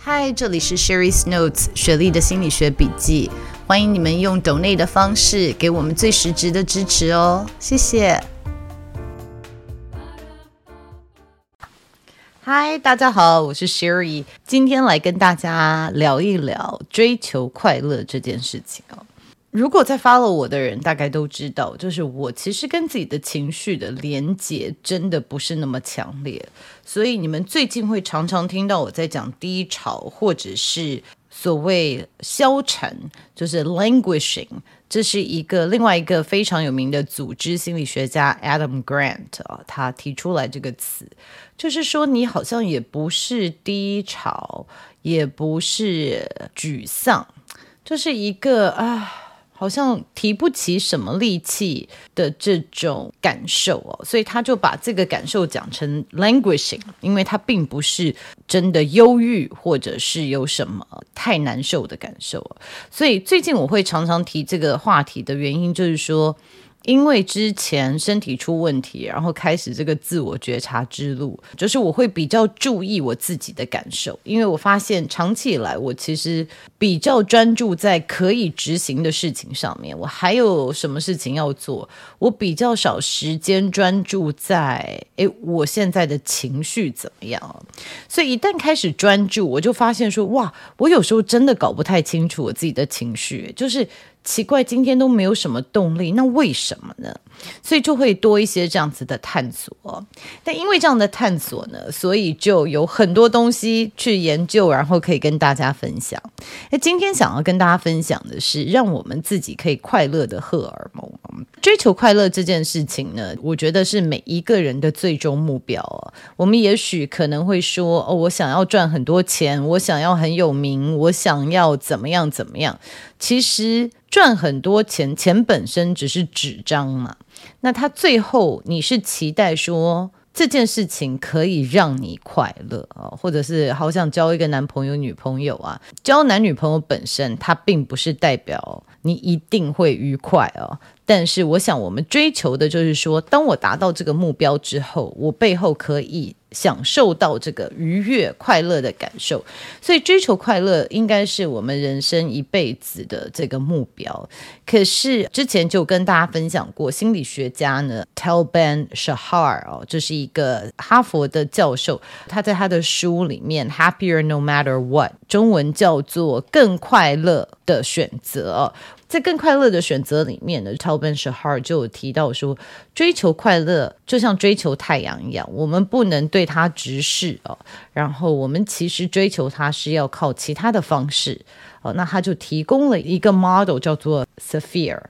嗨，這裡是 Sherry's Notes 雪力的心理學筆記，歡迎你們用 donate 的方式給我們最實質的支持哦，謝謝。嗨，大家好，我是 Sherry，今天來跟大家聊一聊追求快樂這件事情哦。如果在 follow 我的人，大概都知道，就是我其實跟自己的情緒的連接真的不是那麼強烈，所以你們最近會常常聽到我在講低潮，或者是所謂消沉，就是 languishing。這是一個另外一個非常有名的組織心理學家 Adam Grant 啊、哦，他提出來這個詞，就是說你好像也不是低潮，也不是沮喪，這、就是一個啊。好像提不起什麼力氣的這種感受哦，所以他就把這個感受講成 languishing，因為他並不是真的憂鬱或者是有什麼太難受的感受啊。所以最近我會常常提這個話題的原因，就是說。因為之前身體出問題，然後開始這個自我覺察之路，就是我會比較注意我自己的感受。因為我發現長期以來，我其實比較專注在可以執行的事情上面。我還有什麼事情要做？我比較少時間專注在誒，我現在的情緒怎麼樣？所以一旦開始專注，我就發現說哇，我有時候真的搞不太清楚我自己的情緒，就是。奇怪，今天都沒有什麼動力，那為什麼呢？所以就會多一些這樣子的探索哦。但因為這樣的探索呢，所以就有很多東西去研究，然後可以跟大家分享。那今天想要跟大家分享的是，讓我們自己可以快樂的荷爾蒙。追求快樂這件事情呢，我覺得是每一個人的最終目標哦。我們也許可能會說，哦，我想要賺很多錢，我想要很有名，我想要怎麼樣怎麼樣。其實。賺很多錢，錢本身只是紙張嘛。那他最後，你是期待說這件事情可以讓你快樂，哦、或者是好想交一個男朋友、女朋友啊？交男女朋友本身，它並不是代表你一定會愉快啊，哦。但是我想，我們追求的就是說，當我達到這個目標之後，我背後可以，享受到這個愉悅、快樂的感受，所以追求快樂應該是我們人生一輩子的這個目標。可是之前就跟大家分享過，心理學家呢 Tal Ben Shahar 哦，這、就是一個哈佛的教授，他在他的書裡面《Happier No Matter What》，中文叫做《更快樂的選擇》。在更快樂的選擇裡面呢，Tal Ben-Shahar 就有提到說，追求快樂就像追求太陽一樣，我們不能對它直視哦。然後我們其實追求它是要靠其他的方式哦。那他就提供了一個 model 叫做 SPIRE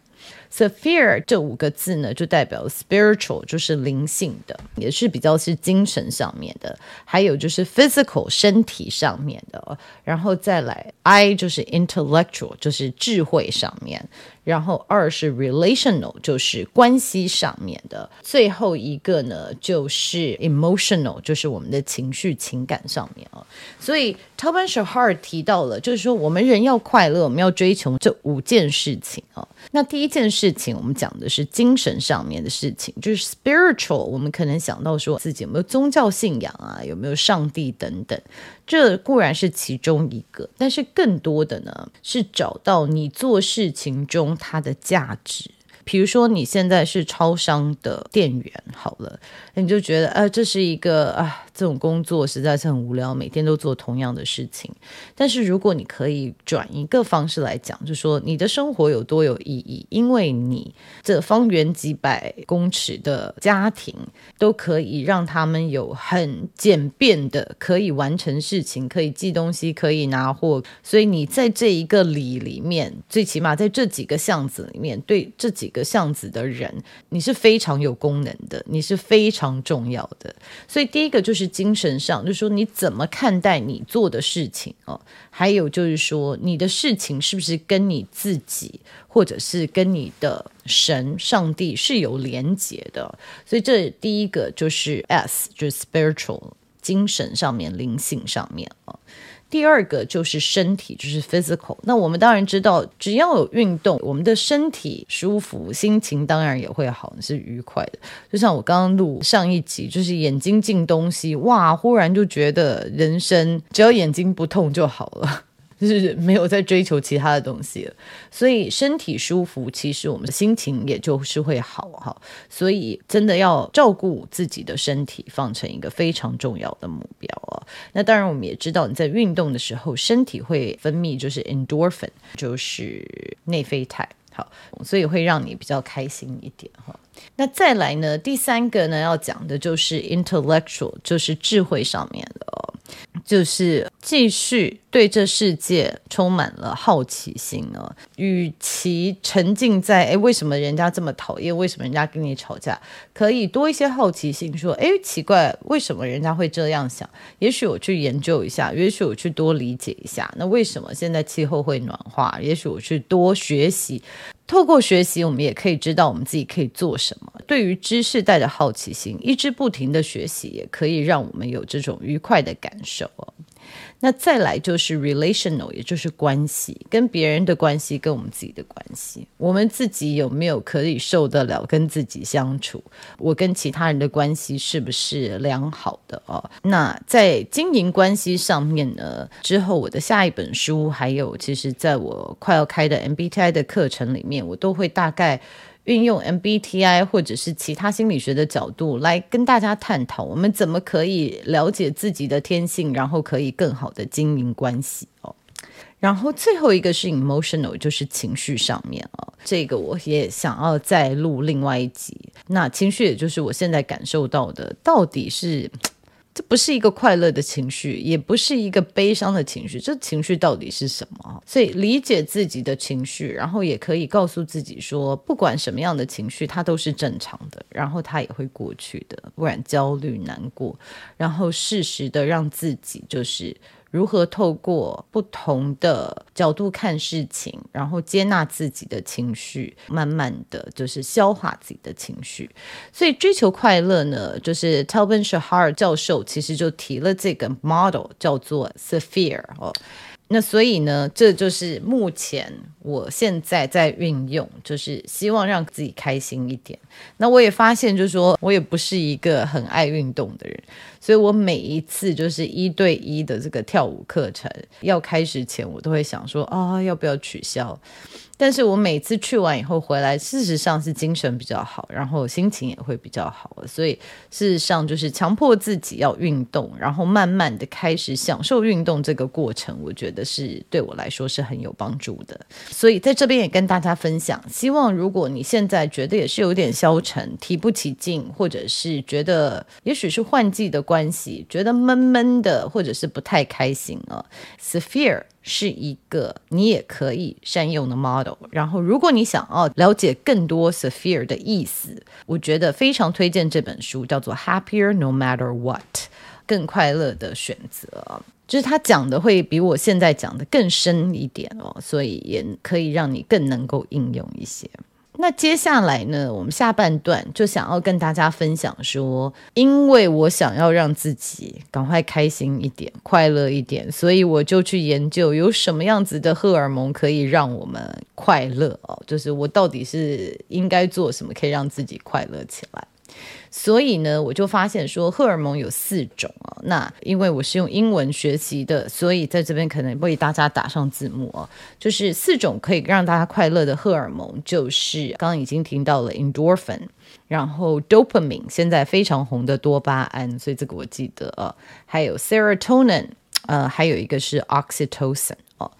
SPIRE 這五個字呢，就代表 spiritual，就是靈性的，也是比較是精神上面的；還有就是 physical，身體上面的哦；然後再來，I 就是 intellectual，就是智慧上面。然後二是 relational，就是關係上面的；最後一個呢，就是 emotional，就是我們的情緒情感上面啊、哦。所以 Tal Ben-Shahar 提到了，就是說我們人要快樂，我們要追求這五件事情啊、哦。那第一件事情，我們講的是精神上面的事情，就是 spiritual。我們可能想到說，自己有沒有宗教信仰啊，有沒有上帝等等，這固然是其中一個，但是更多的呢，是找到你做事情中。它的價值，比如說你現在是超商的店員，好了，你就覺得，呃，這是一個啊。這種工作實在是很無聊，每天都做同樣的事情。但是如果你可以轉一個方式來講，就是說你的生活有多有意義，因為你這方圓幾百公尺的家庭，都可以讓他們有很簡便的可以完成事情，可以寄東西，可以拿貨。所以你在這一個里裡面，最起碼在這幾個巷子裡面，對這幾個巷子的人，你是非常有功能的，你是非常重要的。所以第一個就是。精神上，就是說你怎麼看待你做的事情哦，還有就是說你的事情是不是跟你自己，或者是跟你的神、上帝是有連接的？所以這第一個就是 S，就是 spiritual。精神上面、靈性上面，哦，第二個就是身體，就是 physical。那我們當然知道，只要有運動，我們的身體舒服，心情當然也會好，是愉快的。就像我剛剛錄上一集，就是眼睛進東西，哇，忽然就覺得人生只要眼睛不痛就好了。就是沒有在追求其他的東西了，所以身體舒服，其實我們的心情也就是會好哈。所以真的要照顧自己的身體，放成一個非常重要的目標哦。那當然我們也知道，你在運動的時候，身體會分泌就是 endorphin，就是內啡肽，好，所以會讓你比較開心一點哈。那再來呢，第三個呢要講的就是 intellectual，就是智慧上面。就是繼續對這世界充滿了好奇心呢、啊。與其沉浸在誒、哎，為什麼人家這麼討厭？為什麼人家跟你吵架？可以多一些好奇心說，說哎，奇怪，為什麼人家會這樣想？也許我去研究一下，也許我去多理解一下，那為什麼現在氣候會暖化？也許我去多學習。透過學習，我們也可以知道我們自己可以做什麼。對於知識帶着好奇心，一直不停的學習，也可以讓我們有這種愉快的感受。那再來就是 relational，也就是關係，跟別人的關係，跟我們自己的關係。我們自己有沒有可以受得了跟自己相處？我跟其他人的關係是不是良好的哦？那在經營關係上面呢，之後我的下一本書，還有其實在我快要開的 MBTI 的課程裡面，我都會大概，運用 MBTI 或者是其他心理學的角度來跟大家探討，我們怎麼可以了解自己的天性，然後可以更好的經營關係哦。然後最後一個是 emotional，就是情緒上面哦，這個我也想要再錄另外一集。那情緒也就是我現在感受到的，到底是？這不是一個快樂的情緒，也不是一個悲傷的情緒，這情緒到底是什麼？所以理解自己的情緒，然後也可以告訴自己說，不管什麼樣的情緒，它都是正常的，然後它也會過去的。不然焦慮、難過，然後適時的讓自己就是。如何透過不同的角度看事情，然後接納自己的情緒，慢慢的就是消化自己的情緒。所以追求快樂呢，就是 Tal Ben-Shahar 教授其實就提了這個 model，叫做 SPIRE 哦。那所以呢，這就是目前我現在在運用，就是希望讓自己開心一點。那我也發現，就是說，我也不是一個很愛運動的人，所以我每一次就是一對一的這個跳舞課程要開始前，我都會想說啊、哦，要不要取消？但是我每次去完以後回來，事實上是精神比較好，然後心情也會比較好。所以事實上就是強迫自己要運動，然後慢慢的開始享受運動這個過程，我覺得是對我來說是很有幫助的。所以在這邊也跟大家分享，希望如果你現在覺得也是有點消沉、提不起勁，或者是覺得也許是換季的關係，覺得悶悶的，或者是不太開心了，啊，SPIRE。是一個你也可以善用的 model。然後，如果你想要了解更多 SPIRE 的意思，我覺得非常推薦這本書，叫做 Happier No Matter What，更快樂的選擇。就是他講的會比我現在講的更深一點哦，所以也可以讓你更能夠應用一些。那接下來呢，我們下半段就想要跟大家分享說，因為我想要讓自己趕快開心一點、快樂一點，所以我就去研究有什麼樣子的荷爾蒙可以讓我們快樂哦，就是我到底是應該做什麼，可以讓自己快樂起來。所以呢，我就發現說，荷爾蒙有四種哦。那因為我是用英文學習的，所以在這邊可能為大家打上字幕啊。就是四種可以讓大家快樂的荷爾蒙，就是剛剛已經聽到了 endorphin，然後 dopamine，現在非常紅的多巴胺，所以這個我記得啊。還有 serotonin，呃，還有一個是 oxytocin 哦。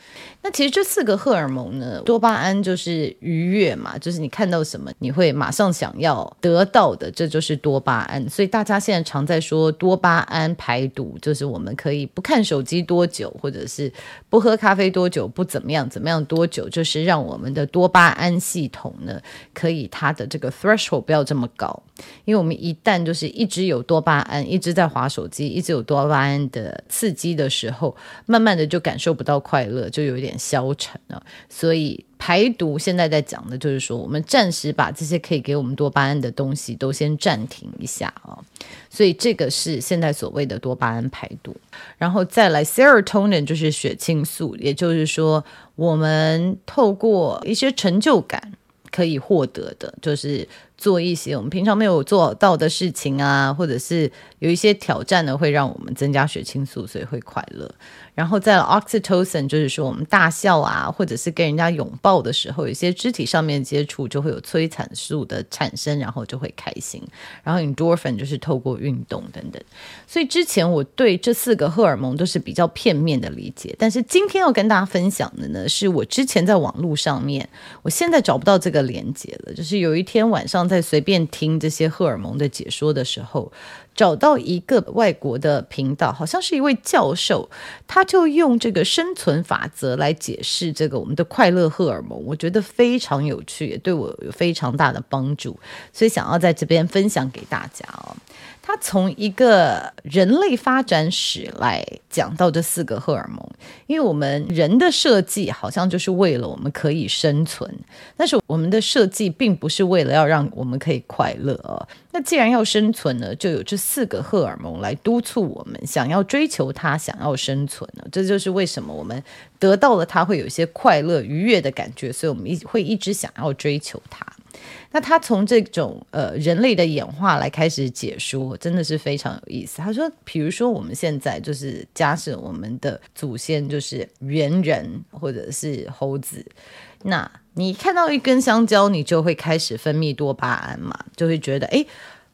那其實這四個荷爾蒙呢，多巴胺就是愉悅嘛，就是你看到什麼你會馬上想要得到的，這就是多巴胺。所以大家現在常在說多巴胺排毒，就是我們可以不看手機多久，或者是不喝咖啡多久，不怎麼樣怎麼樣多久，就是讓我們的多巴胺系統呢，可以它的這個 threshold 不要這麼高，因為我們一旦就是一直有多巴胺，一直在滑手機，一直有多巴胺的刺激的時候，慢慢的就感受不到快樂，就有點。消沉啊，所以排毒現在在講的就是說，我們暫時把這些可以給我們多巴胺的東西都先暫停一下啊、哦，所以這個是現在所謂的多巴胺排毒，然後再來 serotonin 就是血清素，也就是說我們透過一些成就感可以獲得的，就是。做一些我們平常沒有做到的事情啊，或者是有一些挑戰呢，會讓我們增加血清素，所以會快樂。然後在 oxytocin，就是說我們大笑啊，或者是跟人家擁抱的時候，有些肢體上面接觸就會有催產素的產生，然後就會開心。然後 endorphin 就是透過運動等等。所以之前我對這四個荷爾蒙都是比較片面的理解，但是今天要跟大家分享的呢，是我之前在網路上面，我現在找不到這個連接了，就是有一天晚上。在隨便聽這些荷爾蒙的解說的時候。找到一個外國的頻道，好像是一位教授，他就用這個生存法則來解釋這個我們的快樂荷爾蒙，我覺得非常有趣，也對我有非常大的幫助，所以想要在這邊分享給大家哦。他從一個人類發展史來講到這四個荷爾蒙，因為我們人的設計好像就是為了我們可以生存，但是我們的設計並不是為了要讓我們可以快樂哦。那既然要生存呢，就有這四個荷爾蒙來督促我們想要追求它，想要生存呢。這就是為什麼我們得到了它會有一些快樂、愉悅的感覺，所以我們會一直想要追求它。那他從這種呃人類的演化來開始解說，真的是非常有意思。他說，比如說我們現在就是假設我們的祖先就是猿人或者是猴子，那。你看到一根香蕉，你就會開始分泌多巴胺嘛，就會覺得哎、欸，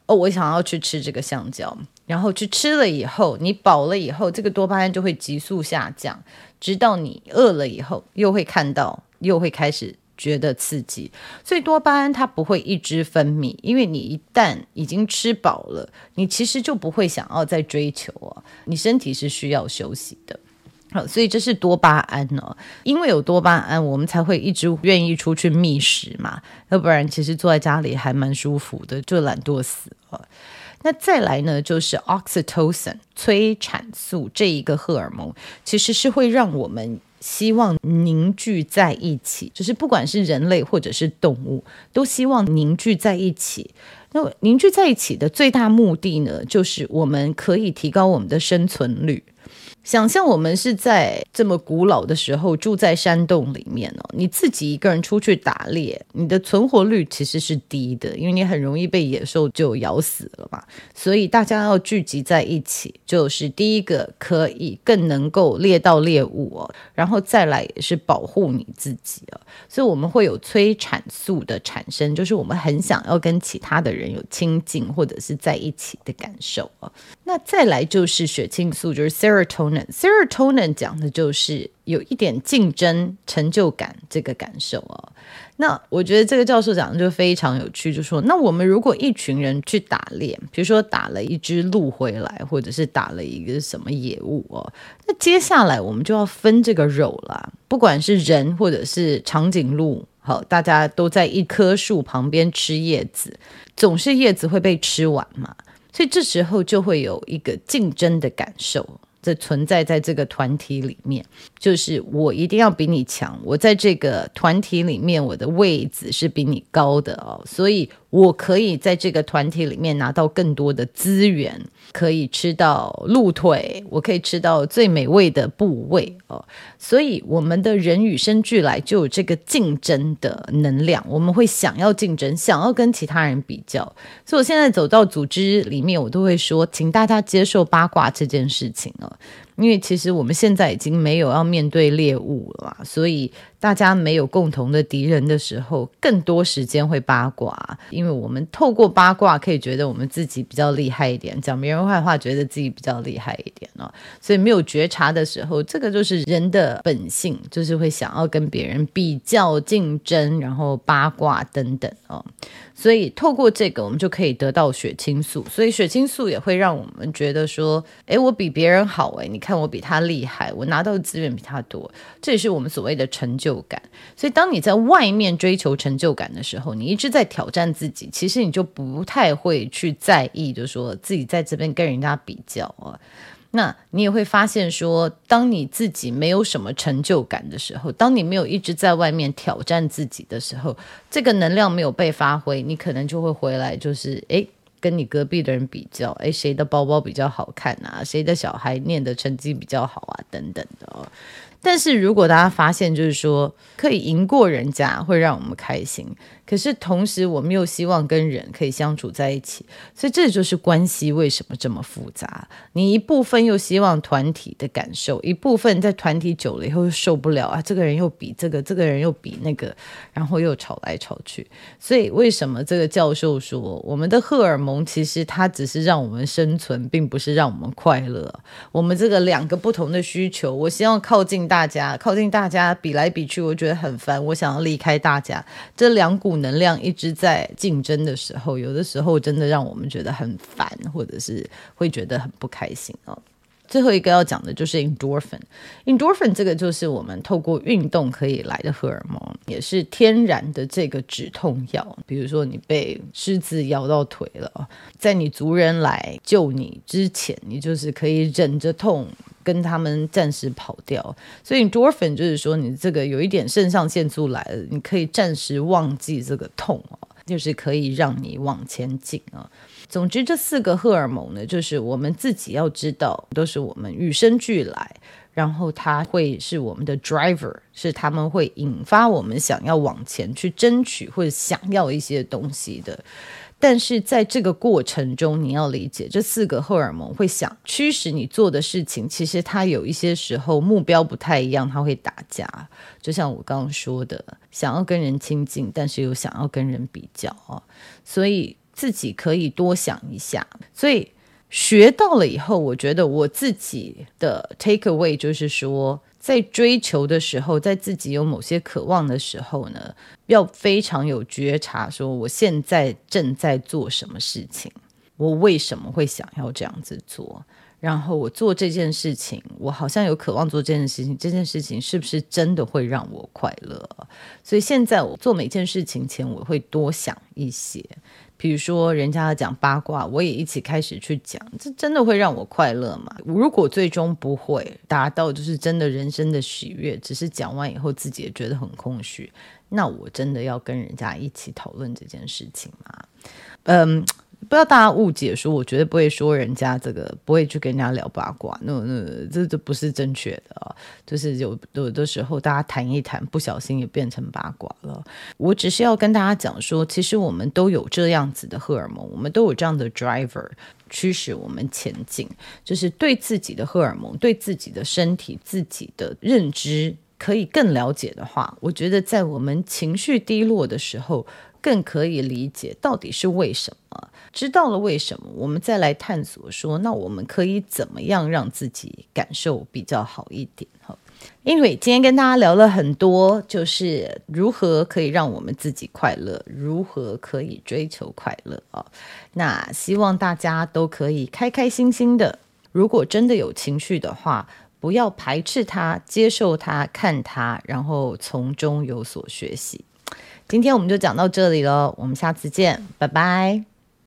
哦，我想要去吃這個香蕉。然後去吃了以後，你飽了以後，這個多巴胺就會急速下降，直到你餓了以後，又會看到，又會開始覺得刺激。所以多巴胺它不會一直分泌，因為你一旦已經吃飽了，你其實就不會想要再追求哦、啊。你身體是需要休息的。哦，所以這是多巴胺哦，因為有多巴胺，我們才會一直願意出去覓食嘛。要不然，其實坐在家裡還蠻舒服的，就懶惰死了，哦。那再來呢，就是 oxytocin 催產素這一個荷爾蒙，其實是會讓我們希望凝聚在一起。就是不管是人類或者是動物，都希望凝聚在一起。那凝聚在一起的最大目的呢，就是我們可以提高我們的生存率。想象我們是在這麼古老的時候住在山洞裡面哦，你自己一個人出去打獵，你的存活率其實是低的，因為你很容易被野獸就咬死了嘛。所以大家要聚集在一起，就是第一個可以更能夠獵到獵物哦，然後再來也是保護你自己哦。所以我們會有催產素的產生，就是我們很想要跟其他的人有親近或者是在一起的感受哦。那再來就是血清素，就是 serotonin。serotonin 講的就是有一點競爭成就感這個感受哦。那我覺得這個教授講的就非常有趣，就說，那我們如果一群人去打獵，比如說打了一隻鹿回來，或者是打了一個什麼野物哦，那接下來我們就要分這個肉啦。不管是人或者是長頸鹿，好，大家都在一棵樹旁邊吃葉子，總是葉子會被吃完嘛。所以這時候就會有一個競爭的感受，這存在在這個團體裡面，就是我一定要比你強，我在這個團體裡面我的位子是比你高的哦，所以我可以在這個團體裡面拿到更多的資源。可以吃到鹿腿，我可以吃到最美味的部位哦，所以，我們的人與生俱來就有這個競爭的能量，我們會想要競爭，想要跟其他人比較。所以，我現在走到組織裡面，我都會說，請大家接受八卦這件事情啊、哦，因為其實我們現在已經沒有要面對獵物了，所以。大家沒有共同的敵人的時候，更多時間會八卦，因為我們透過八卦可以覺得我們自己比較厲害一點，講別人壞話，覺得自己比較厲害一點哦。所以沒有覺察的時候，這個就是人的本性，就是會想要跟別人比較競爭，然後八卦等等哦。所以透過這個，我們就可以得到血清素。所以血清素也會讓我們覺得說，哎，我比別人好，誒，你看我比他厲害，我拿到的資源比他多，這也是我們所謂的成就。所以當你在外面追求成就感的時候，你一直在挑戰自己，其實你就不太會去在意，就說自己在這邊跟人家比較啊。那你也會發現說，當你自己沒有什麼成就感的時候，當你沒有一直在外面挑戰自己的時候，這個能量沒有被發揮，你可能就會回來，就是哎，跟你隔壁的人比較，誒，誰的包包比較好看啊？誰的小孩念的成績比較好啊？等等的哦。但是如果大家發現，就是說可以贏過人家，會讓我們開心。可是同時，我們又希望跟人可以相處在一起，所以這就是關係為什麼這麼複雜。你一部分又希望團體的感受，一部分在團體久了以後又受不了啊。這個人又比這個，這個人又比那個，然後又吵來吵去。所以為什麼這個教授說，我們的荷爾蒙其實它只是讓我們生存，並不是讓我們快樂。我們這個兩個不同的需求，我希望靠近大。大家靠近，大家比來比去，我覺得很煩。我想要離開大家，這兩股能量一直在競爭的時候，有的時候真的讓我們覺得很煩，或者是會覺得很不開心哦。最後一個要講的就是 endorphin，endorphin endorphin 這個就是我們透過運動可以來的荷爾蒙，也是天然的這個止痛藥。比如說你被獅子咬到腿了，在你族人來救你之前，你就是可以忍着痛。跟他們暫時跑掉，所以 endorphin 就是說，你這個有一點腎上腺素來了，你可以暫時忘記這個痛啊，就是可以讓你往前進啊。總之，這四個荷爾蒙呢，就是我們自己要知道，都是我們與生俱來，然後它會是我們的 driver，是他們會引發我們想要往前去爭取或者想要一些東西的。但是在這個過程中，你要理解這四個荷爾蒙會想驅使你做的事情，其實它有一些時候目標不太一樣，它會打架。就像我剛剛說的，想要跟人親近，但是又想要跟人比較啊，所以自己可以多想一下。所以學到了以後，我覺得我自己的 take away 就是說。在追求的時候，在自己有某些渴望的時候呢，要非常有覺察，說我現在正在做什麼事情，我為什麼會想要這樣子做？然後我做這件事情，我好像有渴望做這件事情，這件事情是不是真的會讓我快樂？所以現在我做每件事情前，我會多想一些。比如說，人家要講八卦，我也一起開始去講，這真的會讓我快樂嗎？如果最終不會達到，就是真的人生的喜悅，只是講完以後自己也覺得很空虛，那我真的要跟人家一起討論這件事情嗎？嗯、um。不要大家誤解，說我絕對不會說人家這個，不會去跟人家聊八卦。那、no, 那、no, no, 這這不是正確的啊，就是有有的時候大家談一談，不小心也變成八卦了。我只是要跟大家講說，其實我們都有這樣子的荷爾蒙，我們都有這樣的 driver 驅使我們前進，就是對自己的荷爾蒙、對自己的身體、自己的認知。可以更了解的話，我覺得在我們情緒低落的時候，更可以理解到底是為什麼。知道了為什麼，我們再來探索說，那我們可以怎麼樣讓自己感受比較好一點？哈，因為今天跟大家聊了很多，就是如何可以讓我們自己快樂，如何可以追求快樂啊。那希望大家都可以開開心心的，如果真的有情緒的話，不要排斥他，接受他，看他，然後從中有所學習。今天我們就講到這裡了，我們下次見，拜拜。